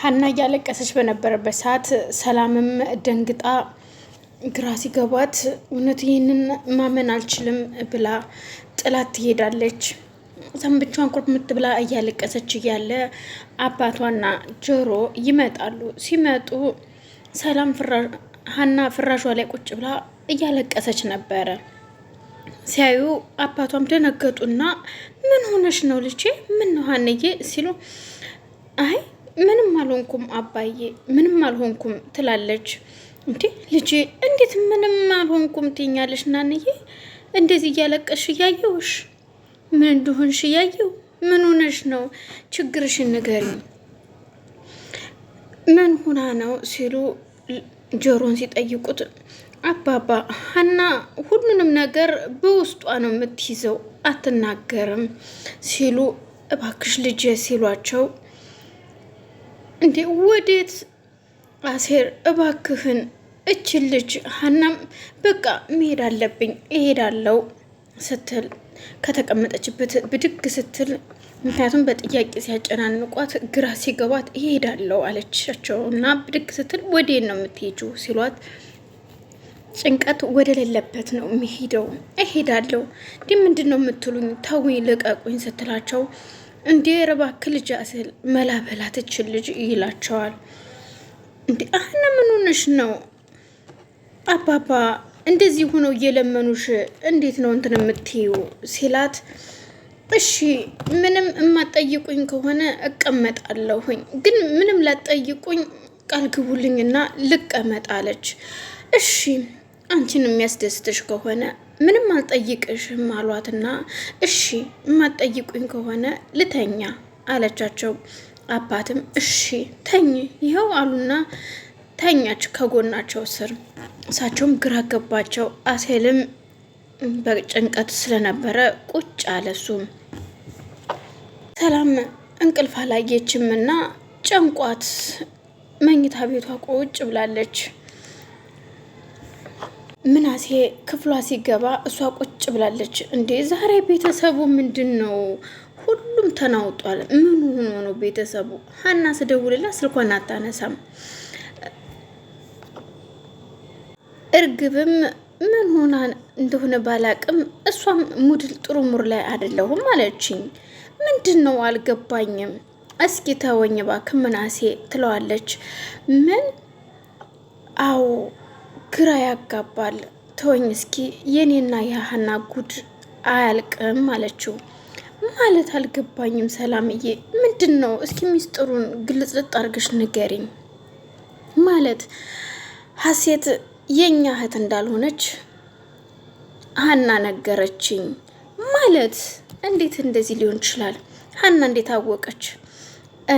ሀና እያለቀሰች በነበረበት ሰዓት ሰላምም ደንግጣ ግራ ሲገባት እውነት ይህንን ማመን አልችልም ብላ ጥላት ትሄዳለች። ዘንብቿን ብቻዋን ኩርምት ብላ እያለቀሰች እያለ አባቷና ጆሮ ይመጣሉ። ሲመጡ ሰላም ሀና ፍራሿ ላይ ቁጭ ብላ እያለቀሰች ነበረ። ሲያዩ አባቷም ደነገጡና ምን ሆነሽ ነው ልጄ? ምን ነው ሀንዬ? ሲሉ አይ ምንም አልሆንኩም አባዬ፣ ምንም አልሆንኩም ትላለች። እንዴ ልጄ፣ እንዴት ምንም አልሆንኩም ትኛለሽ? እናንዬ፣ እንደዚህ እያለቀሽ እያየውሽ ምን እንደሆንሽ እያየው ምን ሆነሽ ነው? ችግርሽን ንገሪኝ፣ ምን ሁና ነው ሲሉ ጆሮን ሲጠይቁት አባባ ሀና ሁሉንም ነገር በውስጧ ነው የምትይዘው፣ አትናገርም ሲሉ እባክሽ ልጄ ሲሏቸው እንዴ ወዴት አሴር እባክህን እችን ልጅ ሀናም በቃ መሄድ አለብኝ እሄዳለው ስትል ከተቀመጠችበት ብድግ ስትል ምክንያቱም በጥያቄ ሲያጨናንቋት ግራ ሲገባት ይሄዳለው አለቻቸው እና ብድግ ስትል ወዴን ነው የምትሄጂው ሲሏት ጭንቀት ወደ ሌለበት ነው የሚሄደው እሄዳለው እንዲህ ምንድን ነው የምትሉኝ ተውኝ ልቀቁኝ ስትላቸው እንዴ ረባክ ልጅ አስል መላበላ ትችል ልጅ ይላቸዋል። እንዴ አህነ ምን ሆነሽ ነው አባባ እንደዚህ ሆነው እየለመኑሽ እንዴት ነው እንትን የምትይው ሲላት፣ እሺ ምንም እማጠይቁኝ ከሆነ እቀመጣለሁኝ፣ ግን ምንም ላጠይቁኝ ቃል ግቡልኝና ልቀመጣለች። እሺ አንቺን የሚያስደስትሽ ከሆነ ምንም አልጠይቅሽም አሏትና እሺ የማትጠይቁኝ ከሆነ ልተኛ አለቻቸው። አባትም እሺ ተኝ ይኸው አሉና ተኛች ከጎናቸው ስር። እሳቸውም ግራ ገባቸው። አሴልም በጭንቀት ስለነበረ ቁጭ አለ። እሱም ሰላም እንቅልፍ አላየችም እና ጨንቋት መኝታ ቤቷ ቁጭ ብላለች። ምናሴ ክፍሏ ሲገባ እሷ ቁጭ ብላለች። እንዴ ዛሬ ቤተሰቡ ምንድን ነው? ሁሉም ተናውጧል። ምን ሆኖ ነው ቤተሰቡ? ሀና ስደውልላት ስልኳን አታነሳም። እርግብም ምን ሆና እንደሆነ ባላቅም እሷም ሙድ ጥሩ ሙር ላይ አይደለሁም አለችኝ። ምንድን ነው አልገባኝም። እስኪ ተወኝ እባክህ ምናሴ ትለዋለች። ምን አዎ ግራ ያጋባል። ተወኝ እስኪ የኔና የሀና ጉድ አያልቅም አለችው። ማለት አልገባኝም ሰላምዬ፣ ምንድን ነው እስኪ ሚስጥሩን ግልጽ አድርገሽ ንገሪኝ። ማለት ሀሴት የእኛ እህት እንዳልሆነች ሀና ነገረችኝ። ማለት እንዴት እንደዚህ ሊሆን ይችላል? ሀና እንዴት አወቀች?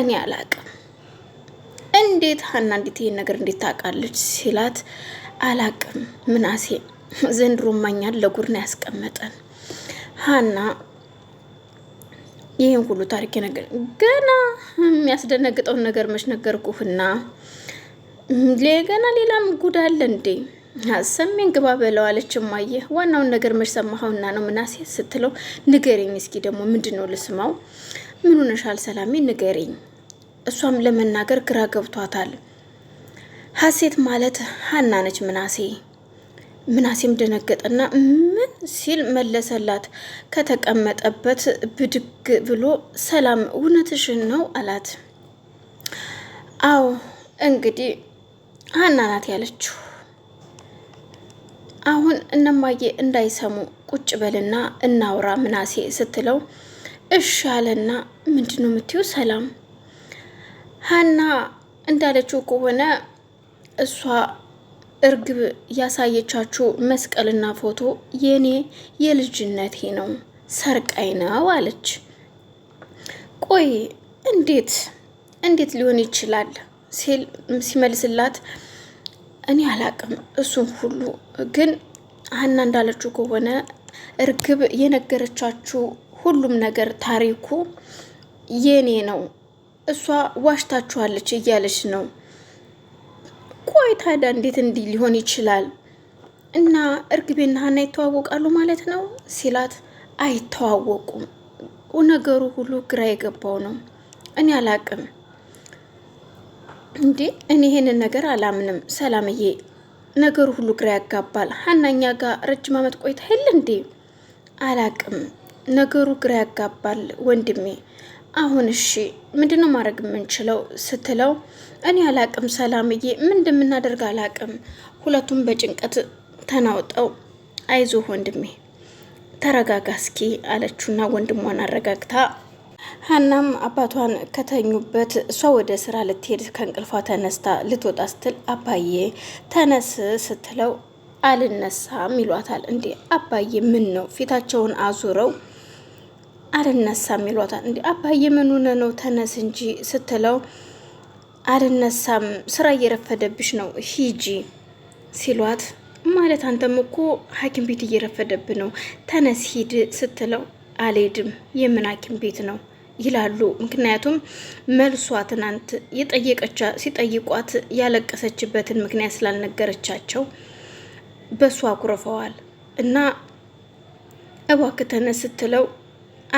እኔ አላቅም። እንዴት ሀና እንዴት ይሄን ነገር እንዴት ታውቃለች? ሲላት አላቅም ምናሴ ዘንድሮ ማኛን ለጉድ ነው ያስቀመጠን። ሀና ይህን ሁሉ ታሪክ ነገር ገና የሚያስደነግጠውን ነገር መች ነገርኩህና ገና ሌላም ጉድ አለ እንዴ? ሰሜን ግባ በለዋለች ማየ ዋናውን ነገር መች ሰማኸውና ነው ምናሴ ስትለው፣ ንገሬኝ እስኪ ደግሞ ምንድን ነው ልስማው። ምን ሆነሻል ሰላሜ ንገሬኝ። እሷም ለመናገር ግራ ገብቷታል። ሀሴት ማለት ሀና ነች። ምናሴ ምናሴም ደነገጠና ምን ሲል መለሰላት። ከተቀመጠበት ብድግ ብሎ ሰላም እውነትሽን ነው አላት። አዎ እንግዲህ ሀና ናት ያለችው። አሁን እነማዬ እንዳይሰሙ ቁጭ በልና እናውራ ምናሴ ስትለው እሺ አለና ምንድነው የምትይው ሰላም ሀና እንዳለችው ከሆነ እሷ እርግብ ያሳየቻችሁ መስቀልና ፎቶ የኔ የልጅነቴ ነው ሰርቃይ ነው አለች። ቆይ እንዴት እንዴት ሊሆን ይችላል ሲል ሲመልስላት፣ እኔ አላቅም እሱን ሁሉ ግን ሀና እንዳለችው ከሆነ እርግብ የነገረቻችሁ ሁሉም ነገር ታሪኩ የኔ ነው፣ እሷ ዋሽታችኋለች እያለች ነው ቆይ ታዲያ እንዴት እንዲህ ሊሆን ይችላል? እና እርግቤና ሀና ይተዋወቃሉ ማለት ነው ሲላት፣ አይተዋወቁም። ነገሩ ሁሉ ግራ የገባው ነው። እኔ አላቅም እንዴ እኔ ይሄንን ነገር አላምንም። ሰላምዬ፣ ነገሩ ሁሉ ግራ ያጋባል። ሀናኛ ጋር ረጅም አመት ቆይታ ይል እንዴ? አላቅም ነገሩ ግራ ያጋባል ወንድሜ አሁን እሺ ምንድነው ማድረግ የምንችለው ስትለው፣ እኔ አላቅም ሰላምዬ፣ ምን እንደምናደርግ አላቅም። ሁለቱም በጭንቀት ተናውጠው፣ አይዞ ወንድሜ ተረጋጋ እስኪ አለችውና ወንድሟን አረጋግታ ሀናም አባቷን ከተኙበት እሷ ወደ ስራ ልትሄድ ከእንቅልፏ ተነስታ ልትወጣ ስትል አባዬ ተነስ ስትለው አልነሳም ይሏታል። እንዴ አባዬ ምን ነው ፊታቸውን አዙረው አልነሳም ይሏታል። እንዲ አባዬ ምን ሆነ ነው ተነስ እንጂ ስትለው አልነሳም ስራ እየረፈደብሽ ነው ሂጂ ሲሏት ማለት አንተም እኮ ሐኪም ቤት እየረፈደብ ነው ተነስ ሂድ ስትለው አልሄድም የምን ሐኪም ቤት ነው ይላሉ። ምክንያቱም መልሷ ትናንት የጠየቀቻ ሲጠይቋት ያለቀሰችበትን ምክንያት ስላልነገረቻቸው በሷ አኩርፈዋል እና እባክህ ተነስ ስትለው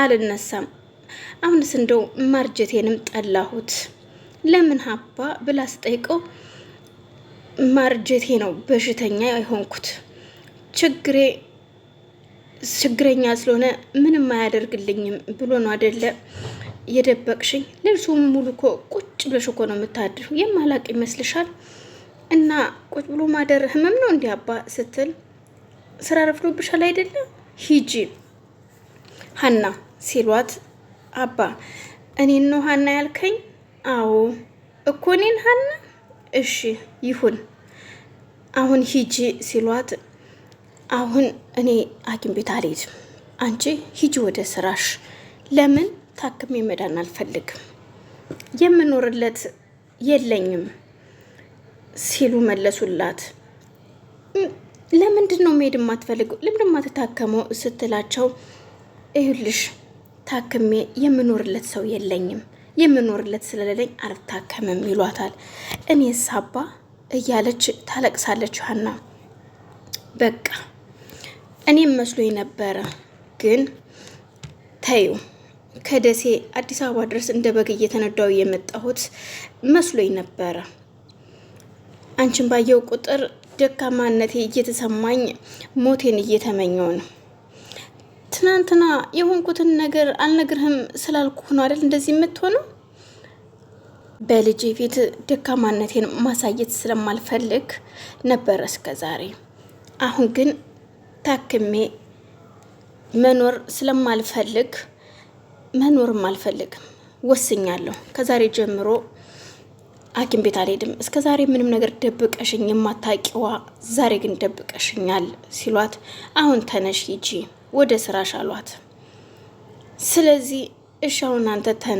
አልነሳም። አሁንስ እንደው ማርጀቴንም ጠላሁት። ለምን ሀባ ብላ ስጠይቀው ማርጀቴ ነው በሽተኛ የሆንኩት ችግሬ ችግረኛ ስለሆነ ምንም አያደርግልኝም ብሎ ነው አደለ የደበቅሽኝ? ሌሊቱን ሙሉ እኮ ቁጭ ብለሽ እኮ ነው የምታድር የማላቅ ይመስልሻል? እና ቁጭ ብሎ ማደር ህመም ነው እንዲህ አባ ስትል ስራ ረፍዶብሻል አይደለም ሂጂ ሀና ሲሏት፣ አባ እኔን ነው ሀና ያልከኝ? አዎ እኮ እኔን ሀና። እሺ ይሁን፣ አሁን ሂጂ ሲሏት፣ አሁን እኔ ሐኪም ቤት አልሄድም። አንቺ ሂጂ ወደ ስራሽ። ለምን ታክሜ መዳን አልፈልግም። የምኖርለት የለኝም ሲሉ መለሱላት። ለምንድን ነው መሄድ የማትፈልገው? ለምንድን የማትታከመው ስትላቸው እዩልሽ ታክሜ የምኖርለት ሰው የለኝም፣ የምኖርለት ስለሌለኝ አልታከምም ይሏታል። እኔ ሳባ እያለች ታለቅሳለች ሀና። በቃ እኔም መስሎኝ ነበረ፣ ግን ተዩ ከደሴ አዲስ አበባ ድረስ እንደ በግ እየተነዳው የመጣሁት መስሎኝ ነበረ። አንቺን ባየው ቁጥር ደካማነቴ እየተሰማኝ ሞቴን እየተመኘው ነው። ትናንትና የሆንኩትን ነገር አልነግርህም ስላልኩ ሆኖ አይደል እንደዚህ የምትሆነው? በልጄ ፊት ደካማነቴን ማሳየት ስለማልፈልግ ነበረ እስከ ዛሬ። አሁን ግን ታክሜ መኖር ስለማልፈልግ መኖርም አልፈልግም ወስኛለሁ። ከዛሬ ጀምሮ ሐኪም ቤት አልሄድም እስከ ዛሬ ምንም ነገር ደብቀሽኝ የማታቂዋ ዛሬ ግን ደብቀሽኛል ሲሏት፣ አሁን ተነሽ ሂጂ ወደ ስራሽ አሏት። ስለዚህ እሻውን አንተ